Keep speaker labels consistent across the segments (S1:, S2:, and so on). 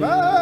S1: Bye.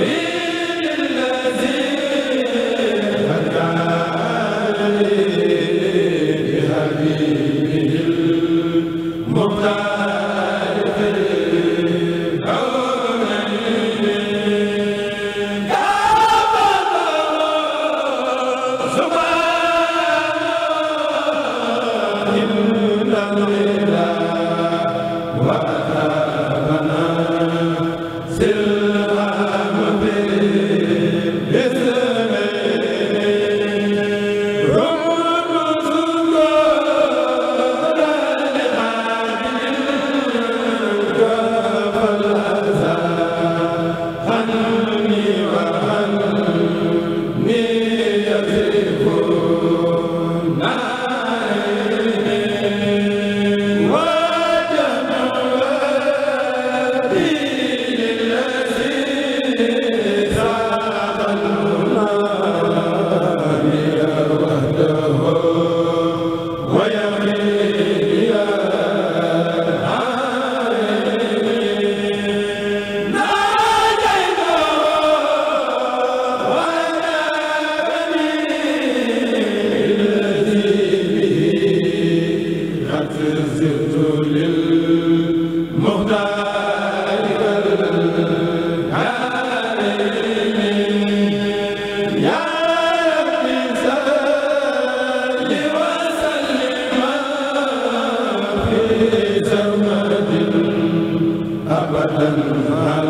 S1: la وأنها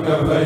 S1: so